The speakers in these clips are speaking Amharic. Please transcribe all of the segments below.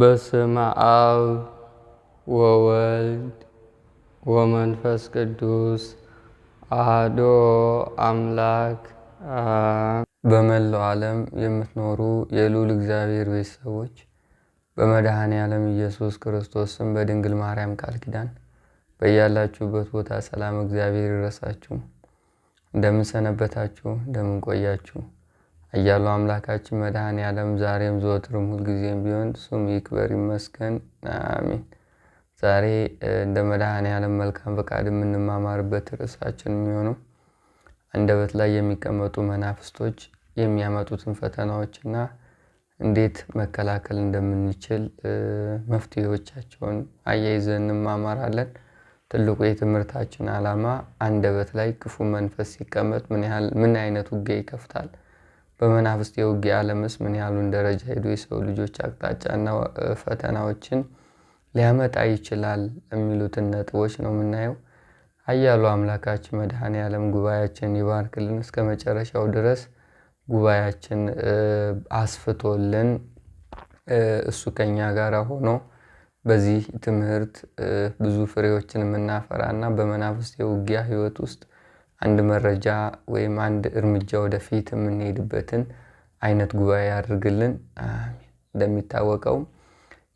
በስመ አብ ወወልድ ወመንፈስ ቅዱስ አህዶ አምላክ። በመላው ዓለም የምትኖሩ የልዑል እግዚአብሔር ቤተሰቦች በመድኃኔ ዓለም ኢየሱስ ክርስቶስም በድንግል ማርያም ቃል ኪዳን በያላችሁበት ቦታ ሰላም እግዚአብሔር ይረሳችሁ። እንደምንሰነበታችሁ እንደምንቆያችሁ እያሉ አምላካችን መድኃኔ ዓለም ዛሬም ዘወትርም ሁልጊዜም ቢሆን ስም ይክበር ይመስገን፣ አሚን። ዛሬ እንደ መድኃኔ ዓለም መልካም ፈቃድ የምንማማርበት ርዕሳችን የሚሆነው አንደበት ላይ የሚቀመጡ መናፍስቶች የሚያመጡትን ፈተናዎችና እንዴት መከላከል እንደምንችል መፍትሄዎቻቸውን አያይዘን እንማማራለን። ትልቁ የትምህርታችን ዓላማ አንደበት ላይ ክፉ መንፈስ ሲቀመጥ ምን አይነት ውጊያ ይከፍታል በመናፍስት የውጊያ ዓለምስ ምን ያህሉን ደረጃ ሄዶ የሰው ልጆች አቅጣጫና ፈተናዎችን ሊያመጣ ይችላል የሚሉትን ነጥቦች ነው የምናየው። አያሉ አምላካችን መድኃኔ ዓለም ጉባኤያችን ይባርክልን፣ እስከ መጨረሻው ድረስ ጉባኤያችን አስፍቶልን እሱ ከኛ ጋር ሆኖ በዚህ ትምህርት ብዙ ፍሬዎችን የምናፈራ እና በመናፍስት የውጊያ ህይወት ውስጥ አንድ መረጃ ወይም አንድ እርምጃ ወደፊት የምንሄድበትን አይነት ጉባኤ ያድርግልን። እንደሚታወቀው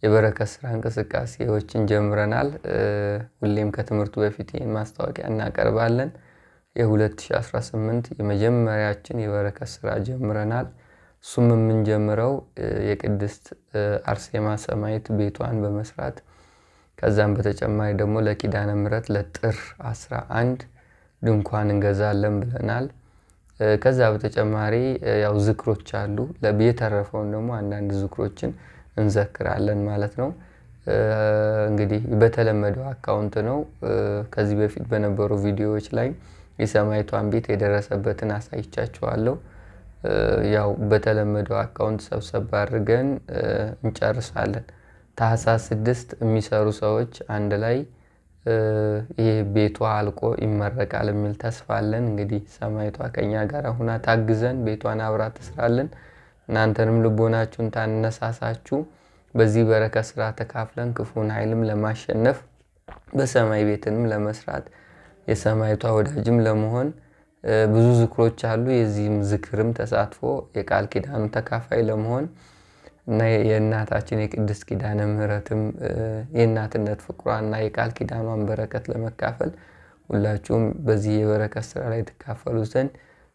የበረከት ስራ እንቅስቃሴዎችን ጀምረናል። ሁሌም ከትምህርቱ በፊት ይህን ማስታወቂያ እናቀርባለን። የ2018 የመጀመሪያችን የበረከት ስራ ጀምረናል። እሱም የምንጀምረው የቅድስት አርሴማ ሰማዕት ቤቷን በመስራት ከዛም በተጨማሪ ደግሞ ለኪዳነ ምሕረት ለጥር 11 ድንኳን እንገዛለን ብለናል። ከዛ በተጨማሪ ያው ዝክሮች አሉ። የተረፈውን ደግሞ አንዳንድ ዝክሮችን እንዘክራለን ማለት ነው። እንግዲህ በተለመደው አካውንት ነው። ከዚህ በፊት በነበሩ ቪዲዮዎች ላይ የሰማይቷን ቤት የደረሰበትን አሳይቻችኋለሁ። ያው በተለመደው አካውንት ሰብሰብ አድርገን እንጨርሳለን። ታህሳስ ስድስት የሚሰሩ ሰዎች አንድ ላይ ይህ ቤቷ አልቆ ይመረቃል የሚል ተስፋ አለን። እንግዲህ ሰማይቷ ከኛ ጋር ሁና ታግዘን ቤቷን አብራ ትስራለን እናንተንም ልቦናችሁን ታነሳሳችሁ። በዚህ በረከት ስራ ተካፍለን ክፉን ኃይልም ለማሸነፍ በሰማይ ቤትንም ለመስራት የሰማይቷ ወዳጅም ለመሆን ብዙ ዝክሮች አሉ። የዚህም ዝክርም ተሳትፎ የቃል ኪዳኑ ተካፋይ ለመሆን እና የእናታችን የቅድስት ኪዳነ ምሕረትም የእናትነት ፍቅሯና የቃል ኪዳኗን በረከት ለመካፈል ሁላችሁም በዚህ የበረከት ስራ ላይ ትካፈሉ ዘንድ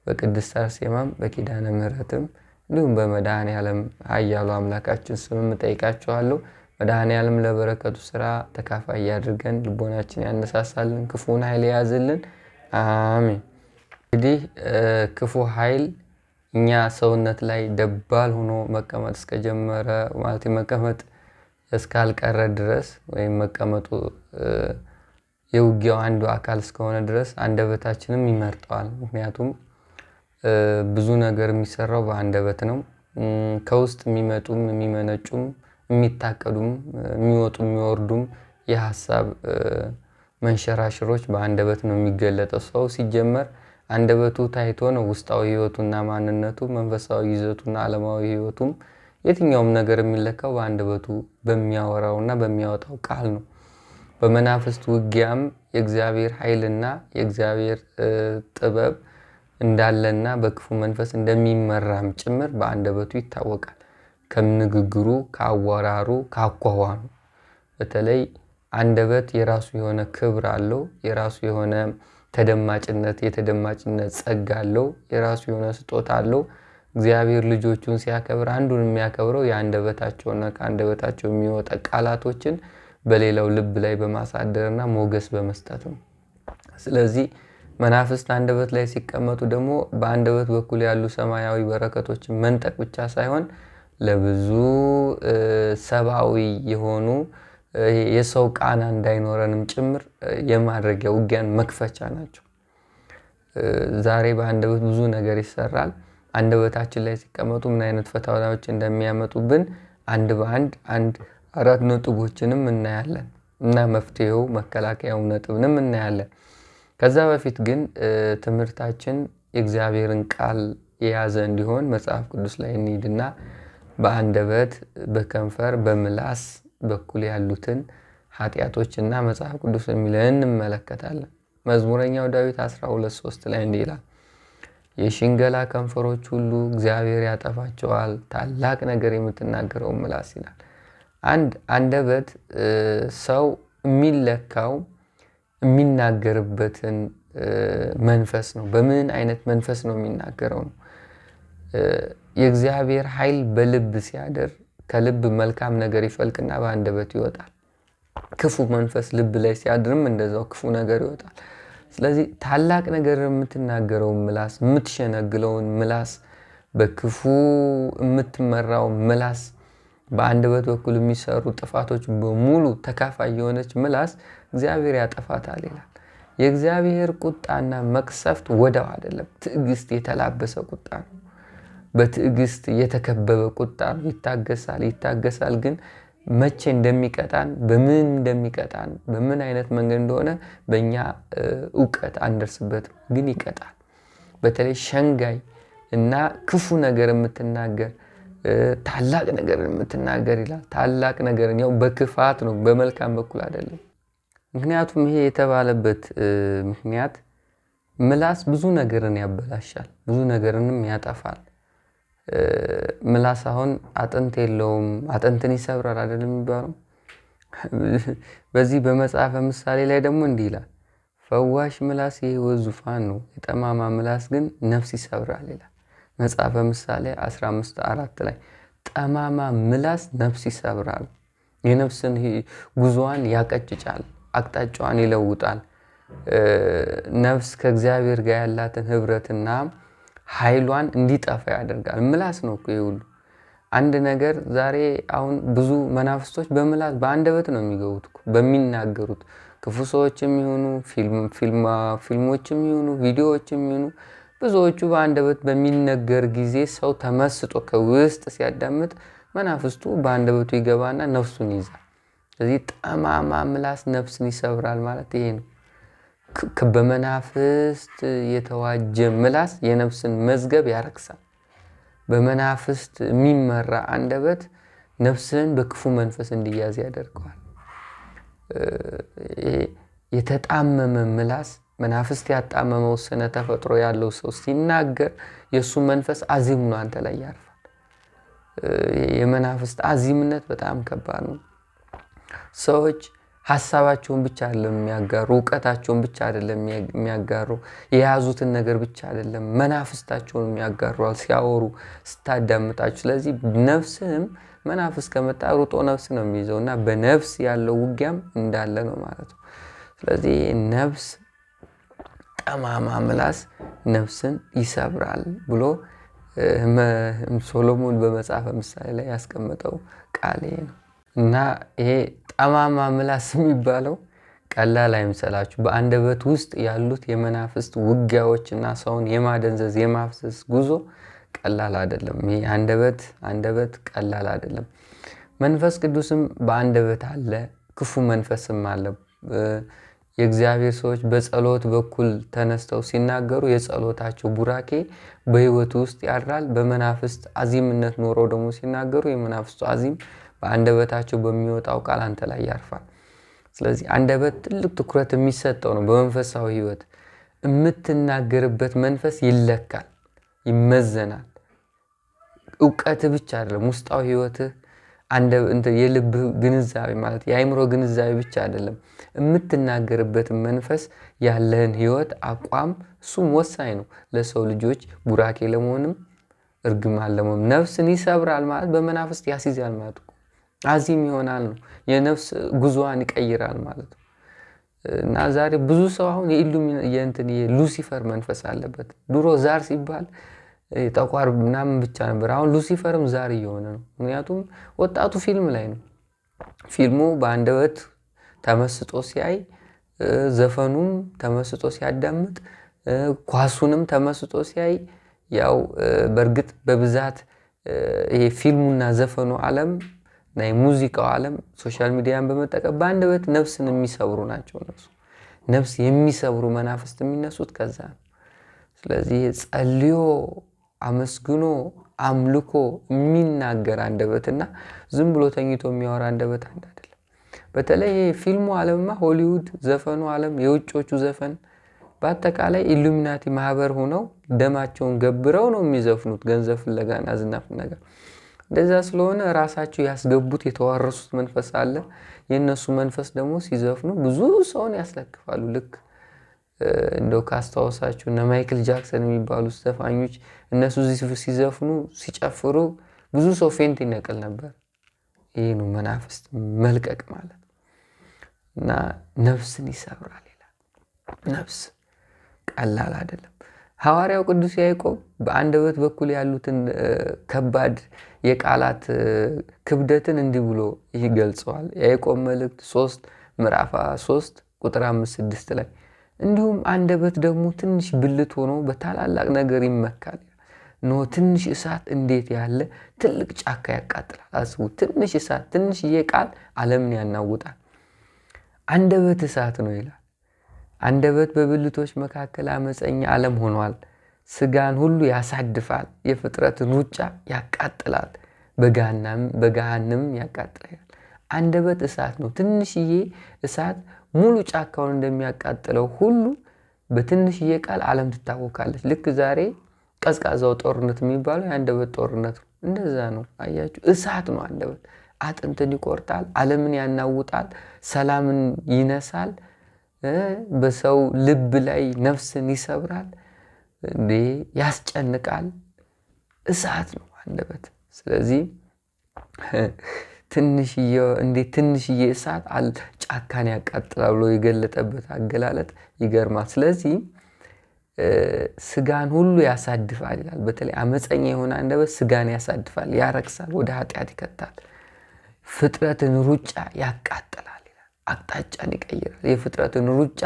በቅድስት አርሴማም በኪዳነ ምሕረትም እንዲሁም በመድኃኔ ዓለም ኃያሉ አምላካችን ስምም እጠይቃችኋለሁ። መድኃኔ ዓለም ለበረከቱ ስራ ተካፋይ ያድርገን፣ ልቦናችን ያነሳሳልን፣ ክፉን ኃይል የያዝልን። አሜን። እንግዲህ ክፉ ኃይል እኛ ሰውነት ላይ ደባል ሆኖ መቀመጥ እስከጀመረ ማለት መቀመጥ እስካልቀረ ድረስ ወይም መቀመጡ የውጊያው አንዱ አካል እስከሆነ ድረስ አንደበታችንም ይመርጠዋል። ምክንያቱም ብዙ ነገር የሚሰራው በአንደበት ነው። ከውስጥ የሚመጡም የሚመነጩም የሚታቀዱም የሚወጡ የሚወርዱም የሀሳብ መንሸራሽሮች በአንደበት ነው የሚገለጠው ሰው ሲጀመር አንደበቱ ታይቶ ነው ውስጣዊ ህይወቱና ማንነቱ፣ መንፈሳዊ ይዘቱና ዓለማዊ ህይወቱም የትኛውም ነገር የሚለካው በአንደበቱ በሚያወራውና በሚያወጣው ቃል ነው። በመናፍስት ውጊያም የእግዚአብሔር ኃይልና የእግዚአብሔር ጥበብ እንዳለና በክፉ መንፈስ እንደሚመራም ጭምር በአንደበቱ ይታወቃል። ከንግግሩ፣ ከአወራሩ፣ ከአኳኋኑ በተለይ አንደበት የራሱ የሆነ ክብር አለው። የራሱ የሆነ ተደማጭነት የተደማጭነት ጸጋ አለው። የራሱ የሆነ ስጦታ አለው። እግዚአብሔር ልጆቹን ሲያከብር አንዱን የሚያከብረው የአንደበታቸውና ከአንደበታቸው የሚወጣ ቃላቶችን በሌላው ልብ ላይ በማሳደርና ሞገስ በመስጠት ነው። ስለዚህ መናፍስት አንደበት ላይ ሲቀመጡ ደግሞ በአንደበት በኩል ያሉ ሰማያዊ በረከቶችን መንጠቅ ብቻ ሳይሆን ለብዙ ሰብአዊ የሆኑ የሰው ቃና እንዳይኖረንም ጭምር የማድረጊያ ውጊያን መክፈቻ ናቸው። ዛሬ በአንደበት ብዙ ነገር ይሰራል። አንደበታችን ላይ ሲቀመጡ ምን አይነት ፈተናዎች እንደሚያመጡብን አንድ በአንድ አንድ አራት ነጥቦችንም እናያለን እና መፍትሄው መከላከያው ነጥብንም እናያለን። ከዛ በፊት ግን ትምህርታችን የእግዚአብሔርን ቃል የያዘ እንዲሆን መጽሐፍ ቅዱስ ላይ እንሂድና በአንደበት፣ በከንፈር፣ በምላስ በኩል ያሉትን ኃጢአቶች እና መጽሐፍ ቅዱስ የሚለን እንመለከታለን። መዝሙረኛው ዳዊት 123 ላይ እንዲህ ይላል፣ የሽንገላ ከንፈሮች ሁሉ እግዚአብሔር ያጠፋቸዋል፣ ታላቅ ነገር የምትናገረው ምላስ ይላል። አንድ አንደበት ሰው የሚለካው የሚናገርበትን መንፈስ ነው። በምን አይነት መንፈስ ነው የሚናገረው ነው። የእግዚአብሔር ኃይል በልብ ሲያደር ከልብ መልካም ነገር ይፈልቅና በአንደበት ይወጣል። ክፉ መንፈስ ልብ ላይ ሲያድርም እንደዛው ክፉ ነገር ይወጣል። ስለዚህ ታላቅ ነገር የምትናገረውን ምላስ፣ የምትሸነግለውን ምላስ፣ በክፉ የምትመራው ምላስ፣ በአንደበት በኩል የሚሰሩ ጥፋቶች በሙሉ ተካፋይ የሆነች ምላስ እግዚአብሔር ያጠፋታል ይላል። የእግዚአብሔር ቁጣና መቅሰፍት ወደው አይደለም፣ ትዕግስት የተላበሰ ቁጣ ነው። በትዕግስት የተከበበ ቁጣ ነው። ይታገሳል ይታገሳል፣ ግን መቼ እንደሚቀጣን በምን እንደሚቀጣን በምን አይነት መንገድ እንደሆነ በእኛ እውቀት አንደርስበትም፣ ግን ይቀጣል። በተለይ ሸንጋይ እና ክፉ ነገር የምትናገር ታላቅ ነገር የምትናገር ይላል። ታላቅ ነገር ያው በክፋት ነው፣ በመልካም በኩል አይደለም። ምክንያቱም ይሄ የተባለበት ምክንያት ምላስ ብዙ ነገርን ያበላሻል፣ ብዙ ነገርንም ያጠፋል። ምላስ አሁን አጥንት የለውም አጥንትን ይሰብራል አይደለም የሚባለው። በዚህ በመጽሐፈ ምሳሌ ላይ ደግሞ እንዲህ ይላል፣ ፈዋሽ ምላስ የሕይወት ዙፋን ነው፣ የጠማማ ምላስ ግን ነፍስ ይሰብራል ይላል መጽሐፈ ምሳሌ 15 አራት ላይ ጠማማ ምላስ ነፍስ ይሰብራል፣ የነፍስን ጉዞዋን ያቀጭጫል፣ አቅጣጫዋን ይለውጣል። ነፍስ ከእግዚአብሔር ጋር ያላትን ህብረትና ኃይሏን እንዲጠፋ ያደርጋል። ምላስ ነው እኮ ይሁሉ አንድ ነገር ዛሬ አሁን ብዙ መናፍስቶች በምላስ በአንደበት ነው የሚገቡት በሚናገሩት ክፉ ሰዎች የሚሆኑ ፊልሞች የሚሆኑ ቪዲዮዎች የሚሆኑ ብዙዎቹ በአንደበት በሚነገር ጊዜ ሰው ተመስጦ ከውስጥ ሲያዳምጥ መናፍስቱ በአንደበቱ ይገባና ነፍሱን ይዛል። ስለዚህ ጠማማ ምላስ ነፍስን ይሰብራል ማለት ይሄ ነው። በመናፍስት የተዋጀ ምላስ የነፍስን መዝገብ ያረክሳል። በመናፍስት የሚመራ አንደበት ነፍስን በክፉ መንፈስ እንዲያዝ ያደርገዋል። የተጣመመ ምላስ መናፍስት ያጣመመው ስነ ተፈጥሮ ያለው ሰው ሲናገር የእሱ መንፈስ አዚም ነው አንተ ላይ ያርፋል። የመናፍስት አዚምነት በጣም ከባድ ነው። ሰዎች ሀሳባቸውን ብቻ አይደለም የሚያጋሩ፣ እውቀታቸውን ብቻ አይደለም የሚያጋሩ፣ የያዙትን ነገር ብቻ አይደለም መናፍስታቸውን የሚያጋሩ ሲያወሩ ስታዳምጣችሁ። ስለዚህ ነፍስህም መናፍስ ከመጣ ሩጦ ነፍስ ነው የሚይዘው እና በነፍስ ያለው ውጊያም እንዳለ ነው ማለት ነው። ስለዚህ ነፍስ ጠማማ ምላስ ነፍስን ይሰብራል ብሎ ሶሎሞን በመጽሐፈ ምሳሌ ላይ ያስቀመጠው ቃል ነው እና ይሄ ጠማማ ምላስ የሚባለው ቀላል አይምሰላችሁ። በአንደበት ውስጥ ያሉት የመናፍስት ውጊያዎች እና ሰውን የማደንዘዝ የማፍሰስ ጉዞ ቀላል አይደለም። ይሄ አንደበት አንደበት ቀላል አይደለም። መንፈስ ቅዱስም በአንደበት አለ፣ ክፉ መንፈስም አለ። የእግዚአብሔር ሰዎች በጸሎት በኩል ተነስተው ሲናገሩ የጸሎታቸው ቡራኬ በሕይወቱ ውስጥ ያድራል። በመናፍስት አዚምነት ኖረው ደግሞ ሲናገሩ የመናፍስቱ አዚም በአንደበታቸው በሚወጣው ቃል አንተ ላይ ያርፋል። ስለዚህ አንደበት ትልቅ ትኩረት የሚሰጠው ነው። በመንፈሳዊ ህይወት የምትናገርበት መንፈስ ይለካል፣ ይመዘናል። እውቀት ብቻ አይደለም፣ ውስጣዊ ህይወትህ የልብ ግንዛቤ ማለት የአይምሮ ግንዛቤ ብቻ አይደለም። የምትናገርበትን መንፈስ ያለህን ህይወት አቋም፣ እሱም ወሳኝ ነው ለሰው ልጆች ቡራኬ ለመሆንም እርግማን ለመሆን ነፍስን ይሰብራል ማለት በመናፍስት ያስይዛል ማለት አዚም ይሆናል ነው የነፍስ ጉዞዋን ይቀይራል ማለት ነው። እና ዛሬ ብዙ ሰው አሁን የኢሉሚንትን የሉሲፈር መንፈስ አለበት። ድሮ ዛር ሲባል ጠቋር ምናምን ብቻ ነበር። አሁን ሉሲፈርም ዛር እየሆነ ነው። ምክንያቱም ወጣቱ ፊልም ላይ ነው። ፊልሙ በአንደበት ተመስጦ ሲያይ፣ ዘፈኑም ተመስጦ ሲያዳምጥ፣ ኳሱንም ተመስጦ ሲያይ ያው በእርግጥ በብዛት ይሄ ፊልሙና ዘፈኑ ዓለም ናይ ሙዚቃው ዓለም ሶሻል ሚዲያን በመጠቀም በአንድ በት ነፍስን የሚሰብሩ ናቸው። እነሱ ነፍስ የሚሰብሩ መናፍስት የሚነሱት ከዛ ነው። ስለዚህ ጸልዮ አመስግኖ አምልኮ የሚናገር አንደበትና ዝም ብሎ ተኝቶ የሚያወራ አንደበት አንድ አይደለም። በተለይ ፊልሙ ዓለምማ ሆሊውድ፣ ዘፈኑ ዓለም፣ የውጮቹ ዘፈን በአጠቃላይ ኢሉሚናቲ ማህበር ሆነው ደማቸውን ገብረው ነው የሚዘፍኑት ገንዘብ ፍለጋና ዝናፍ ነገር እንደዛ ስለሆነ ራሳቸው ያስገቡት የተዋረሱት መንፈስ አለ። የእነሱ መንፈስ ደግሞ ሲዘፍኑ ብዙ ሰውን ያስለክፋሉ። ልክ እንደው ካስታወሳችሁ እነ ማይክል ጃክሰን የሚባሉ ዘፋኞች እነሱ ሲዘፍኑ ሲጨፍሩ ብዙ ሰው ፌንት ይነቅል ነበር። ይህ ነው መናፍስት መልቀቅ ማለት እና ነፍስን ይሰብራል ይላል። ነፍስ ቀላል አይደለም። ሐዋርያው ቅዱስ ያዕቆብ በአንደበት በኩል ያሉትን ከባድ የቃላት ክብደትን እንዲህ ብሎ ይገልጸዋል። የያዕቆብ መልእክት ሶስት ምዕራፍ ሶስት ቁጥር አምስት ስድስት ላይ እንዲሁም አንደበት ደግሞ ትንሽ ብልት ሆኖ በታላላቅ ነገር ይመካል። ኖ ትንሽ እሳት እንዴት ያለ ትልቅ ጫካ ያቃጥላል። አስቡ። ትንሽ እሳት ትንሽዬ ቃል ዓለምን ያናውጣል። አንደበት እሳት ነው ይላል። አንደበት በብልቶች መካከል አመፀኛ ዓለም ሆኗል። ስጋን ሁሉ ያሳድፋል፣ የፍጥረትን ውጫ ያቃጥላል፣ በገሃንም ያቃጥላል። አንደበት እሳት ነው። ትንሽዬ እሳት ሙሉ ጫካውን እንደሚያቃጥለው ሁሉ በትንሽዬ ቃል ዓለም ትታወካለች። ልክ ዛሬ ቀዝቃዛው ጦርነት የሚባለው የአንደበት ጦርነት ነው። እንደዛ ነው። አያችሁ፣ እሳት ነው አንደበት። አጥንትን ይቆርጣል፣ ዓለምን ያናውጣል፣ ሰላምን ይነሳል። በሰው ልብ ላይ ነፍስን ይሰብራል፣ እንዴ ያስጨንቃል። እሳት ነው አንደበት። ስለዚህ ትንሽዬ እንዴት ትንሽዬ እሳት ጫካን ያቃጥላል ብሎ የገለጠበት አገላለጥ ይገርማል። ስለዚህ ስጋን ሁሉ ያሳድፋል ይላል። በተለይ አመፀኛ የሆነ አንደበት ስጋን ያሳድፋል፣ ያረክሳል፣ ወደ ኃጢአት ይከታል፣ ፍጥረትን ሩጫ ያቃጥላል። አቅጣጫን ይቀይራል። የፍጥረትን ሩጫ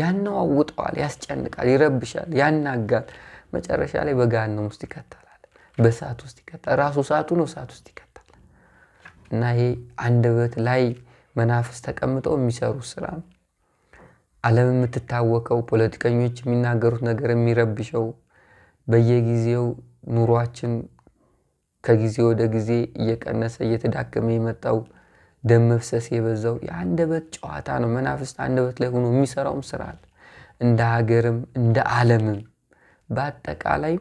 ያነዋውጠዋል፣ ያስጨንቃል፣ ይረብሻል፣ ያናጋል። መጨረሻ ላይ በገሃነም ውስጥ ይከተላል፣ በእሳት ውስጥ ይከተላል። ራሱ እሳቱ ነው፣ እሳት ውስጥ ይከተላል። እና ይሄ አንደበት ላይ መናፍስ ተቀምጠው የሚሰሩ ስራ ነው። ዓለም የምትታወቀው ፖለቲከኞች የሚናገሩት ነገር የሚረብሸው በየጊዜው ኑሯችን ከጊዜ ወደ ጊዜ እየቀነሰ እየተዳከመ የመጣው ደም መፍሰስ የበዛው የአንደበት ጨዋታ ነው። መናፍስት አንደበት ላይ ሆኖ የሚሰራውም ስራ አለ። እንደ ሀገርም እንደ ዓለምም በአጠቃላይ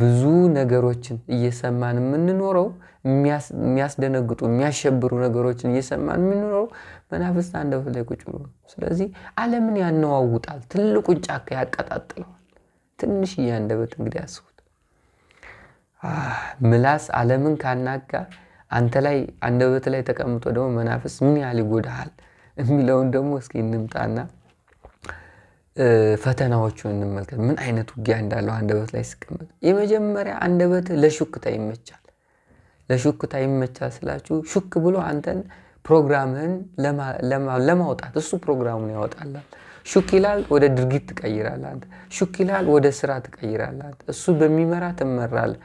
ብዙ ነገሮችን እየሰማን የምንኖረው የሚያስደነግጡ የሚያሸብሩ ነገሮችን እየሰማን የምንኖረው መናፍስት አንደበት ላይ ቁጭ ብሎ ነው። ስለዚህ ዓለምን ያነዋውጣል፣ ትልቁን ጫካ ያቀጣጥለዋል። ትንሽዬ በት እንግዲህ አስቡት። ምላስ ዓለምን ካናጋ አንተ ላይ አንደበት ላይ ተቀምጦ ደግሞ መናፍስ ምን ያህል ይጎዳሃል የሚለውን ደግሞ እስኪ እንምጣና ፈተናዎቹን እንመልከት። ምን አይነት ውጊያ እንዳለው አንደበት ላይ ሲቀመጥ፣ የመጀመሪያ አንደበት ለሹክታ ይመቻል። ለሹክታ ይመቻል ስላችሁ ሹክ ብሎ አንተን ፕሮግራምህን ለማውጣት እሱ ፕሮግራሙን ያወጣላል። ሹክ ይላል፣ ወደ ድርጊት ትቀይራለህ። አንተ ሹክ ይላል፣ ወደ ስራ ትቀይራለህ። እሱ በሚመራ ትመራለህ።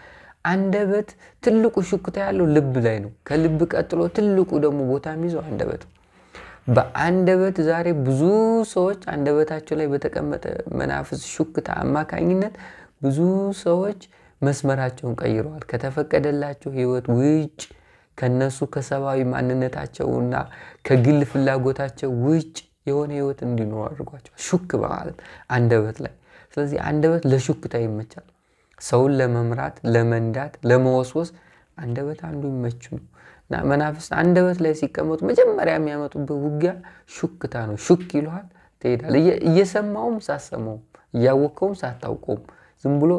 አንደበት ትልቁ ሽኩታ ያለው ልብ ላይ ነው። ከልብ ቀጥሎ ትልቁ ደግሞ ቦታ የሚይዘው አንደበት በአንደበት ዛሬ ብዙ ሰዎች አንደበታቸው ላይ በተቀመጠ መናፍስ ሹክታ አማካኝነት ብዙ ሰዎች መስመራቸውን ቀይረዋል። ከተፈቀደላቸው ሕይወት ውጭ ከነሱ ከሰብአዊ ማንነታቸውና ከግል ፍላጎታቸው ውጭ የሆነ ሕይወት እንዲኖሩ አድርጓቸዋል። ሹክ በማለት አንደበት ላይ። ስለዚህ አንደበት ለሹክታ ይመቻል። ሰውን ለመምራት፣ ለመንዳት፣ ለመወስወስ አንደበት አንዱ ይመች ነው እና መናፍስት አንደበት ላይ ሲቀመጡ መጀመሪያ የሚያመጡበት ውጊያ ሹክታ ነው። ሹክ ይልሃል፣ ትሄዳል። እየሰማውም ሳሰማውም እያወቀውም ሳታውቀውም ዝም ብሎ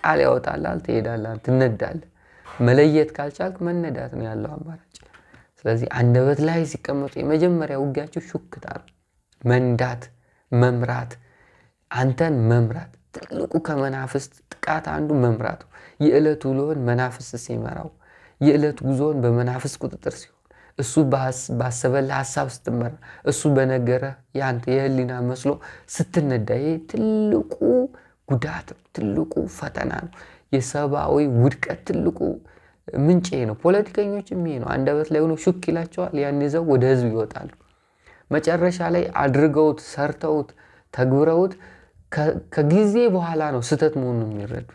ቃል ያወጣላል፣ ትሄዳላል፣ ትነዳለህ። መለየት ካልቻልክ መነዳት ነው ያለው አማራጭ። ስለዚህ አንደበት ላይ ሲቀመጡ የመጀመሪያ ውጊያቸው ሹክታ ነው። መንዳት፣ መምራት፣ አንተን መምራት ትልቁ ከመናፍስት ጥቃት አንዱ መምራቱ የዕለት ውሎን መናፍስ ሲመራው የዕለት ጉዞን በመናፍስ ቁጥጥር ሲሆን እሱ ባሰበለ ሀሳብ ስትመራ እሱ በነገረ ያንተ የህሊና መስሎ ስትነዳ፣ ይሄ ትልቁ ጉዳት ነው። ትልቁ ፈተና ነው። የሰብአዊ ውድቀት ትልቁ ምንጭ ይሄ ነው። ፖለቲከኞችም ይሄ ነው። አንደበት ላይ ሆኖ ሹክ ይላቸዋል። ያን ይዘው ወደ ህዝብ ይወጣሉ። መጨረሻ ላይ አድርገውት ሰርተውት ተግብረውት ከጊዜ በኋላ ነው ስህተት መሆኑን የሚረዱት።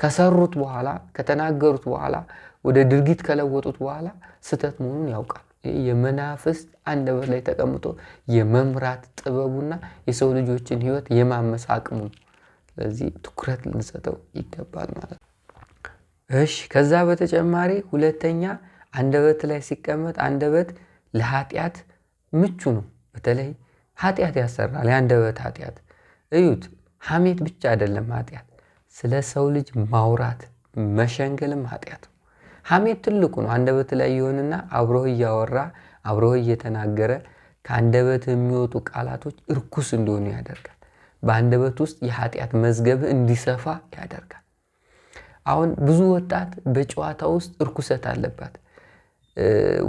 ከሰሩት በኋላ ከተናገሩት በኋላ ወደ ድርጊት ከለወጡት በኋላ ስህተት መሆኑን ያውቃሉ። የመናፍስት አንደበት ላይ ተቀምጦ የመምራት ጥበቡና የሰው ልጆችን ሕይወት የማመስ አቅሙ ነው። ስለዚህ ትኩረት ልንሰጠው ይገባል ማለት ነው። እሺ ከዛ በተጨማሪ ሁለተኛ አንደበት ላይ ሲቀመጥ አንደበት ለኃጢአት ምቹ ነው። በተለይ ኃጢአት ያሰራል። የአንደበት ኃጢአት እዩት። ሐሜት ብቻ አይደለም ኃጢአት፣ ስለ ሰው ልጅ ማውራት መሸንገልም ኃጢአት ሐሜት ትልቁ ነው። አንደበት ላይ ይሆንና አብሮህ እያወራ አብሮህ እየተናገረ ከአንደበት የሚወጡ ቃላቶች እርኩስ እንደሆኑ ያደርጋል። በአንደበት ውስጥ የኃጢአት መዝገብህ እንዲሰፋ ያደርጋል። አሁን ብዙ ወጣት በጨዋታ ውስጥ እርኩሰት አለባት።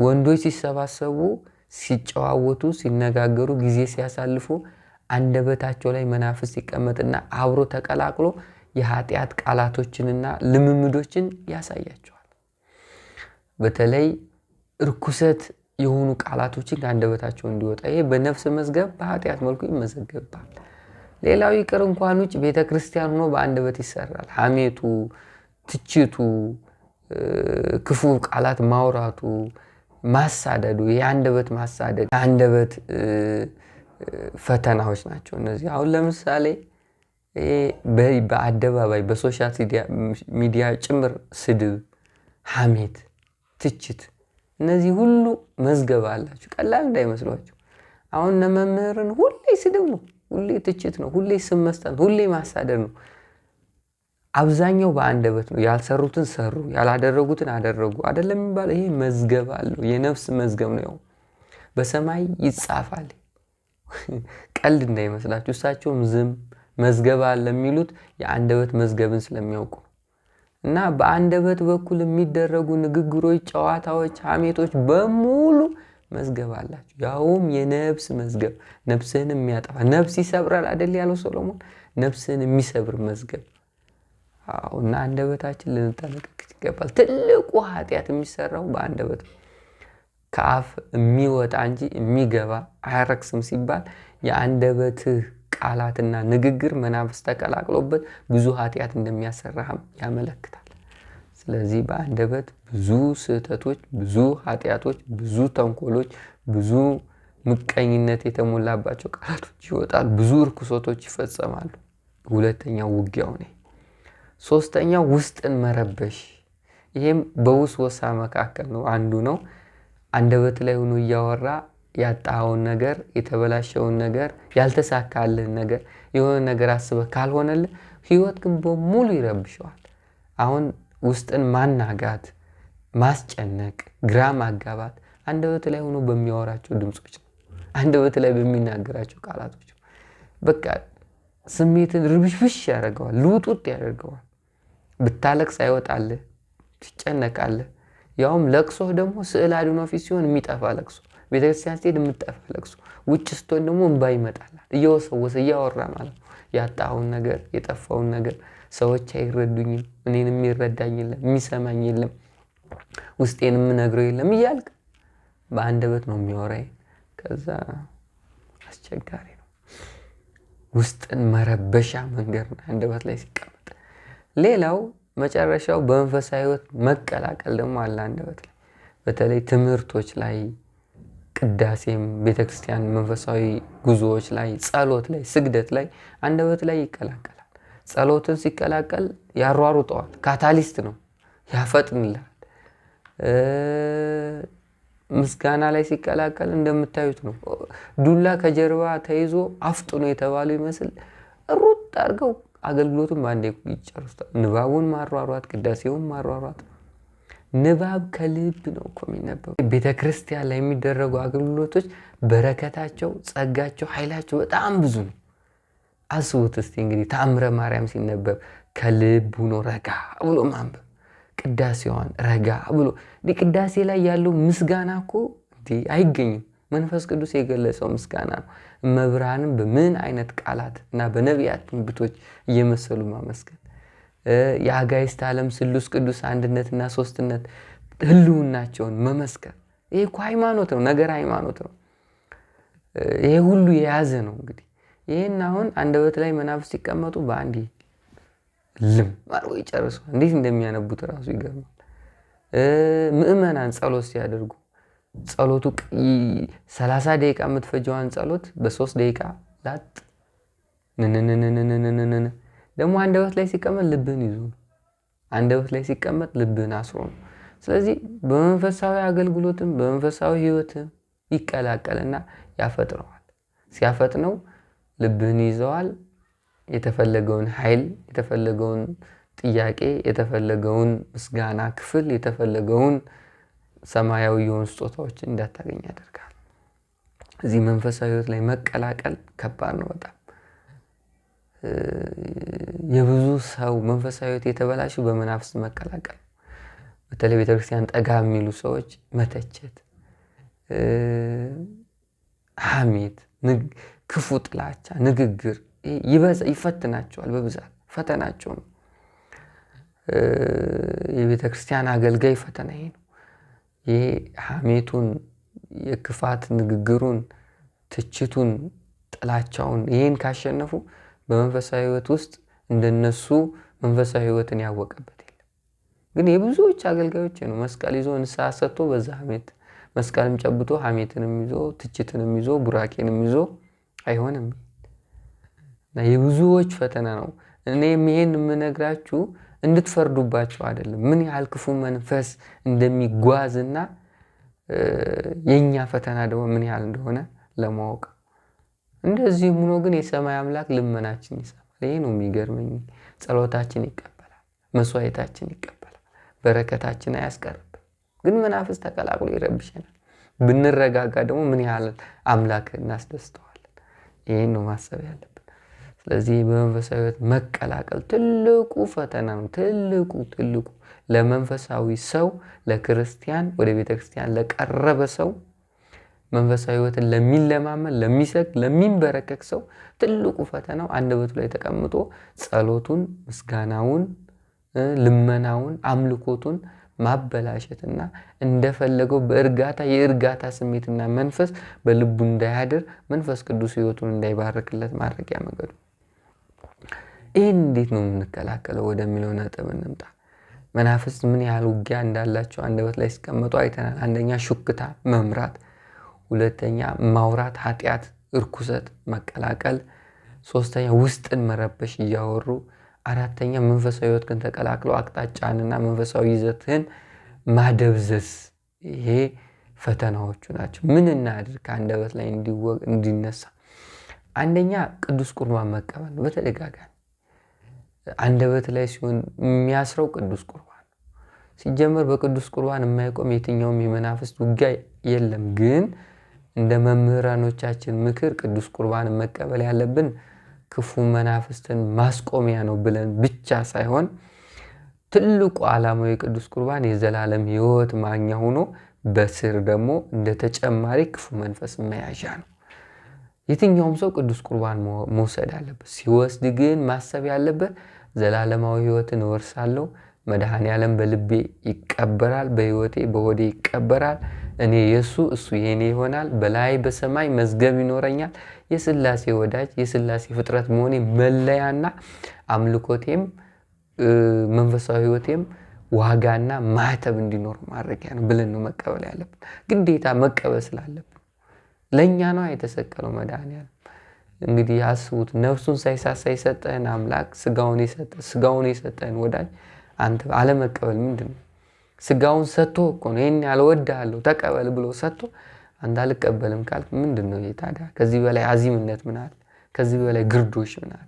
ወንዶች ሲሰባሰቡ ሲጨዋወቱ፣ ሲነጋገሩ፣ ጊዜ ሲያሳልፉ አንደበታቸው ላይ መናፍስ ይቀመጥና አብሮ ተቀላቅሎ የኃጢአት ቃላቶችንና ልምምዶችን ያሳያቸዋል። በተለይ እርኩሰት የሆኑ ቃላቶችን ከአንደበታቸው እንዲወጣ ይሄ በነፍስ መዝገብ በኃጢአት መልኩ ይመዘገባል ሌላው ይቅር እንኳን ውጭ ቤተ ክርስቲያን ሆኖ በአንደበት ይሰራል። ሐሜቱ፣ ትችቱ፣ ክፉ ቃላት ማውራቱ፣ ማሳደዱ የአንደበት ማሳደድ የአንደበት ፈተናዎች ናቸው እነዚህ። አሁን ለምሳሌ በአደባባይ በሶሻል ሚዲያ ጭምር ስድብ፣ ሐሜት፣ ትችት እነዚህ ሁሉ መዝገብ አላችሁ። ቀላል እንዳይመስሏችሁ። አሁን እነ መምህርን ሁሌ ስድብ ነው፣ ሁሌ ትችት ነው፣ ሁሌ ስም መስጠት፣ ሁሌ ማሳደር ነው። አብዛኛው በአንደበት ነው። ያልሰሩትን ሰሩ፣ ያላደረጉትን አደረጉ አይደለም የሚባለው። ይሄ መዝገብ አለው፣ የነፍስ መዝገብ ነው። ያው በሰማይ ይጻፋል። ቀልድ እንዳይመስላችሁ። እሳቸውም ዝም መዝገብ አለ የሚሉት የአንደበት መዝገብን ስለሚያውቁ እና በአንደበት በኩል የሚደረጉ ንግግሮች፣ ጨዋታዎች፣ አሜቶች በሙሉ መዝገብ አላቸው። ያውም የነብስ መዝገብ ነብስህን የሚያጠፋ ነብስ ይሰብራል አደል ያለው ሶሎሞን ነብስህን የሚሰብር መዝገብ እና አንደበታችን ልንጠነቀቅ ይገባል። ትልቁ ኃጢአት የሚሰራው በአንደበት ነው። ከአፍ የሚወጣ እንጂ የሚገባ አያረክስም ሲባል የአንደበትህ ቃላትና ንግግር መናፍስ ተቀላቅሎበት ብዙ ኃጢአት እንደሚያሰራህም ያመለክታል። ስለዚህ በአንደበት ብዙ ስህተቶች፣ ብዙ ኃጢአቶች፣ ብዙ ተንኮሎች፣ ብዙ ምቀኝነት የተሞላባቸው ቃላቶች ይወጣል። ብዙ እርኩሶቶች ይፈጸማሉ። ሁለተኛው ውጊያው ነው። ሶስተኛው ውስጥን መረበሽ፣ ይህም በውስወሳ መካከል ነው አንዱ ነው። አንደበት ላይ ሆኖ እያወራ ያጣኸውን ነገር፣ የተበላሸውን ነገር፣ ያልተሳካልህን ነገር የሆነ ነገር አስበህ ካልሆነልህ ህይወት ግን በሙሉ ይረብሸዋል። አሁን ውስጥን ማናጋት፣ ማስጨነቅ፣ ግራ ማጋባት አንደበት ላይ ሆኖ በሚያወራቸው ድምፆች ነው። አንደበት ላይ በሚናገራቸው ቃላቶች ነው። በቃ ስሜትን ርብሽብሽ ያደርገዋል፣ ልውጡጥ ያደርገዋል። ብታለቅስ አይወጣልህ፣ ትጨነቃለህ። ያውም ለቅሶህ ደግሞ ስዕል አድኖ ፊት ሲሆን የሚጠፋ ለቅሶ፣ ቤተክርስቲያን ስትሄድ የምጠፋ ለቅሶ፣ ውጭ ስትሆን ደግሞ እንባ ይመጣላል። እየወሰወሰ እያወራ ማለት ነው። ያጣውን ነገር የጠፋውን ነገር ሰዎች አይረዱኝም፣ እኔን የሚረዳኝ የለም፣ የሚሰማኝ የለም፣ ውስጤን የምነግረው የለም እያልክ በአንደበት ነው የሚወራ። ከዛ አስቸጋሪ ነው። ውስጥን መረበሻ መንገድ አንደበት ላይ ሲቀመጥ ሌላው መጨረሻው በመንፈሳዊ ህይወት መቀላቀል ደግሞ አለ አንደበት ላይ በተለይ ትምህርቶች ላይ ቅዳሴም፣ ቤተክርስቲያን መንፈሳዊ ጉዞዎች ላይ፣ ጸሎት ላይ፣ ስግደት ላይ አንደበት ላይ ይቀላቀላል። ጸሎትን ሲቀላቀል ያሯሩጠዋል። ካታሊስት ነው፣ ያፈጥንላል። ምስጋና ላይ ሲቀላቀል እንደምታዩት ነው። ዱላ ከጀርባ ተይዞ አፍጥኖ የተባሉ ይመስል ሩጥ አድርገው አገልግሎቱን በአንዴ ይጨርሱታል። ንባቡን ማሯሯት፣ ቅዳሴውን ማሯሯት። ንባብ ከልብ ነው እኮ የሚነበቡ። ቤተ ክርስቲያን ላይ የሚደረጉ አገልግሎቶች በረከታቸው፣ ጸጋቸው፣ ኃይላቸው በጣም ብዙ ነው። አስቡት እስቲ እንግዲህ ተአምረ ማርያም ሲነበብ ከልብ ሆኖ ረጋ ብሎ ማንበብ፣ ቅዳሴዋን ረጋ ብሎ እንዲህ ቅዳሴ ላይ ያለው ምስጋና እኮ እንዲህ አይገኝም። መንፈስ ቅዱስ የገለጸው ምስጋና ነው። መብራንን በምን አይነት ቃላት እና በነቢያት ትንቢቶች እየመሰሉ ማመስገን የአጋይስት ዓለም ስሉስ ቅዱስ አንድነትና ሶስትነት ህልውናቸውን መመስከር ይህ እኮ ሃይማኖት ነው፣ ነገር ሃይማኖት ነው። ይሄ ሁሉ የያዘ ነው። እንግዲህ ይህን አሁን አንደበት ላይ መናፍስት ሲቀመጡ በአንድ ልም አድርጎ ይጨርሰዋል። እንዴት እንደሚያነቡት እራሱ ይገርማል። ምእመናን ጸሎት ሲያደርጉ ጸሎቱ ሰላሳ ደቂቃ የምትፈጀዋን ጸሎት በሶስት ደቂቃ ላጥ ንንንንንንንን ደግሞ አንደበት ላይ ሲቀመጥ ልብህን ይዞ ነው። አንደበት ላይ ሲቀመጥ ልብህን አስሮ ነው። ስለዚህ በመንፈሳዊ አገልግሎትም በመንፈሳዊ ህይወትም ይቀላቀልና ያፈጥነዋል። ሲያፈጥነው ልብህን ይዘዋል። የተፈለገውን ኃይል፣ የተፈለገውን ጥያቄ፣ የተፈለገውን ምስጋና ክፍል፣ የተፈለገውን ሰማያዊ የሆኑ ስጦታዎችን እንዳታገኝ ያደርጋል። እዚህ መንፈሳዊ ህይወት ላይ መቀላቀል ከባድ ነው በጣም የብዙ ሰው መንፈሳዊ ህይወት የተበላሹ በመናፍስት መቀላቀል በተለይ ቤተክርስቲያን ጠጋ የሚሉ ሰዎች መተቸት፣ ሐሜት፣ ክፉ ጥላቻ፣ ንግግር ይፈትናቸዋል። በብዛት ፈተናቸው ነው። የቤተክርስቲያን አገልጋይ ፈተና ይሄ ነው። ይሄ ሐሜቱን፣ የክፋት ንግግሩን፣ ትችቱን፣ ጥላቻውን ይህን ካሸነፉ በመንፈሳዊ ህይወት ውስጥ እንደነሱ መንፈሳዊ ህይወትን ያወቀበት የለም። ግን የብዙዎች አገልጋዮች ነው መስቀል ይዞ ንስሐ ሰጥቶ በዛ ሐሜት መስቀልም ጨብቶ ሐሜትንም ይዞ ትችትንም ይዞ ቡራኬንም ይዞ አይሆንም። የብዙዎች ፈተና ነው። እኔም ይሄን የምነግራችሁ እንድትፈርዱባቸው አይደለም። ምን ያህል ክፉ መንፈስ እንደሚጓዝና የእኛ ፈተና ደግሞ ምን ያህል እንደሆነ ለማወቅ እንደዚህም ሆኖ ግን የሰማይ አምላክ ልመናችን ይሰማል። ይህ ነው የሚገርመኝ። ጸሎታችን ይቀበላል፣ መስዋዕታችን ይቀበላል፣ በረከታችን አያስቀርብ። ግን መናፍስ ተቀላቅሎ ይረብሸናል። ብንረጋጋ ደግሞ ምን ያህል አምላክ እናስደስተዋለን። ይህን ነው ማሰብ ያለብን። ስለዚህ በመንፈሳዊ ሕይወት መቀላቀል ትልቁ ፈተና ነው። ትልቁ ትልቁ ለመንፈሳዊ ሰው ለክርስቲያን፣ ወደ ቤተ ክርስቲያን ለቀረበ ሰው መንፈሳዊ ህይወትን ለሚለማመን፣ ለሚሰግ፣ ለሚንበረከክ ሰው ትልቁ ፈተናው አንደበቱ ላይ ተቀምጦ ጸሎቱን፣ ምስጋናውን፣ ልመናውን፣ አምልኮቱን ማበላሸትና እንደፈለገው በእርጋታ የእርጋታ ስሜትና መንፈስ በልቡ እንዳያድር መንፈስ ቅዱስ ህይወቱን እንዳይባርክለት ማድረጊያ መንገዱ ይህን እንዴት ነው የምንከላከለው ወደሚለው ነጥብ እንምጣ። መናፍስት ምን ያህል ውጊያ እንዳላቸው አንደበት ላይ ሲቀመጡ አይተናል። አንደኛ ሹክታ መምራት፣ ሁለተኛ ማውራት፣ ኃጢአት፣ እርኩሰት መቀላቀል፣ ሶስተኛ ውስጥን መረበሽ እያወሩ፣ አራተኛ መንፈሳዊ ግን ተቀላቅለው አቅጣጫንና መንፈሳዊ ይዘትህን ማደብዘዝ። ይሄ ፈተናዎቹ ናቸው። ምን እናድርግ ከአንደበት ላይ እንዲነሳ? አንደኛ ቅዱስ ቁርባን መቀበል በተደጋጋሚ አንደበት ላይ ሲሆን የሚያስረው ቅዱስ ቁርባን ነው። ሲጀመር በቅዱስ ቁርባን የማይቆም የትኛውም የመናፍስት ውጊያ የለም። ግን እንደ መምህራኖቻችን ምክር ቅዱስ ቁርባን መቀበል ያለብን ክፉ መናፍስትን ማስቆሚያ ነው ብለን ብቻ ሳይሆን ትልቁ ዓላማው የቅዱስ ቁርባን የዘላለም ሕይወት ማግኛ ሆኖ በስር ደግሞ እንደ ተጨማሪ ክፉ መንፈስ መያዣ ነው። የትኛውም ሰው ቅዱስ ቁርባን መውሰድ አለበት። ሲወስድ ግን ማሰብ ያለበት ዘላለማዊ ህይወትን እወርሳለሁ፣ መድኃኔ ዓለም በልቤ ይቀበራል፣ በህይወቴ በሆዴ ይቀበራል፣ እኔ የእሱ እሱ የእኔ ይሆናል፣ በላይ በሰማይ መዝገብ ይኖረኛል፣ የስላሴ ወዳጅ የስላሴ ፍጥረት መሆኔ መለያና አምልኮቴም መንፈሳዊ ህይወቴም ዋጋና ማህተብ እንዲኖር ማድረጊያ ነው ብለን ነው መቀበል ያለብን። ግዴታ መቀበል ስላለብን ለእኛ ነዋ የተሰቀለው መድኃኒዓለም። እንግዲህ አስቡት፣ ነፍሱን ሳይሳሳ የሰጠህን አምላክ ስጋውን የሰጠ ስጋውን የሰጠህን ወዳጅ አንተ አለመቀበል ምንድን ነው? ስጋውን ሰጥቶ እኮ ነው ይህን ያልወድሃለሁ ተቀበል ብሎ ሰጥቶ አንተ አልቀበልም ካልክ ምንድን ነው ታዲያ? ከዚህ በላይ አዚምነት ምናል? ከዚህ በላይ ግርዶሽ ምናል?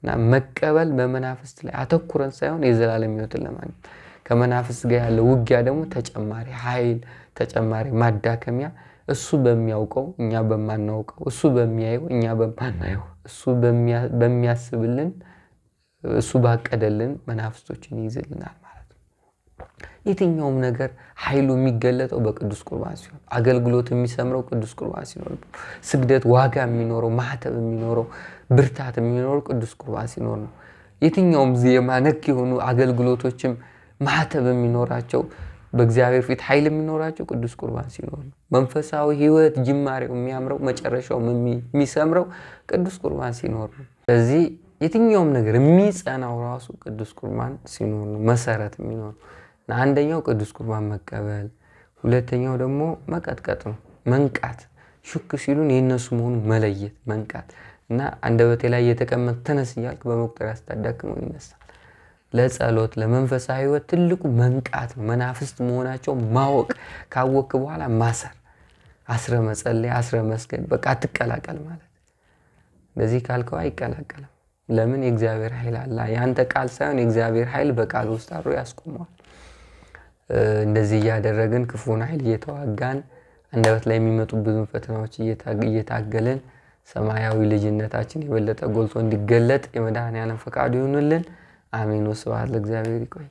እና መቀበል በመናፍስት ላይ አተኩረን ሳይሆን የዘላለም ሕይወትን ለማግኘት ከመናፍስት ጋር ያለው ውጊያ ደግሞ ተጨማሪ ኃይል ተጨማሪ ማዳከሚያ እሱ በሚያውቀው እኛ በማናውቀው፣ እሱ በሚያየው እኛ በማናየው፣ እሱ በሚያስብልን እሱ ባቀደልን መናፍስቶችን ይይዝልናል ማለት ነው። የትኛውም ነገር ኃይሉ የሚገለጠው በቅዱስ ቁርባን ሲሆን፣ አገልግሎት የሚሰምረው ቅዱስ ቁርባን ሲኖር፣ ስግደት ዋጋ የሚኖረው ማህተብ የሚኖረው ብርታት የሚኖረው ቅዱስ ቁርባን ሲኖር ነው። የትኛውም ዜማ ነክ የሆኑ አገልግሎቶችም ማህተብ የሚኖራቸው በእግዚአብሔር ፊት ኃይል የሚኖራቸው ቅዱስ ቁርባን ሲኖር ነው። መንፈሳዊ ህይወት ጅማሬው የሚያምረው መጨረሻውም የሚሰምረው ቅዱስ ቁርባን ሲኖር ነው። ስለዚህ የትኛውም ነገር የሚጸናው ራሱ ቅዱስ ቁርባን ሲኖር ነው፣ መሰረት የሚኖር ነው። አንደኛው ቅዱስ ቁርባን መቀበል፣ ሁለተኛው ደግሞ መቀጥቀጥ ነው፣ መንቃት። ሹክ ሲሉን የእነሱ መሆኑ መለየት፣ መንቃት እና አንደበቴ ላይ የተቀመጥ ተነስ እያልክ በመቁጠር ያስታዳክመው ይነሳል። ለጸሎት ለመንፈሳዊ ህይወት ትልቁ መንቃት ነው። መናፍስት መሆናቸው ማወቅ ካወቅ በኋላ ማሰር፣ አስረ መጸለይ፣ አስረ መስገድ፣ በቃ አትቀላቀል ማለት። እንደዚህ ካልከው አይቀላቀልም። ለምን? የእግዚአብሔር ኃይል አለ። የአንተ ቃል ሳይሆን የእግዚአብሔር ኃይል በቃል ውስጥ አድሮ ያስቆመዋል። እንደዚህ እያደረግን ክፉን ኃይል እየተዋጋን አንደበት ላይ ብዙ ፈተናዎች እየታገልን ሰማያዊ ልጅነታችን የበለጠ ጎልቶ እንዲገለጥ የመድኃኔዓለም ፈቃዱ ይሁንልን። आमीन उस लग जाए कोई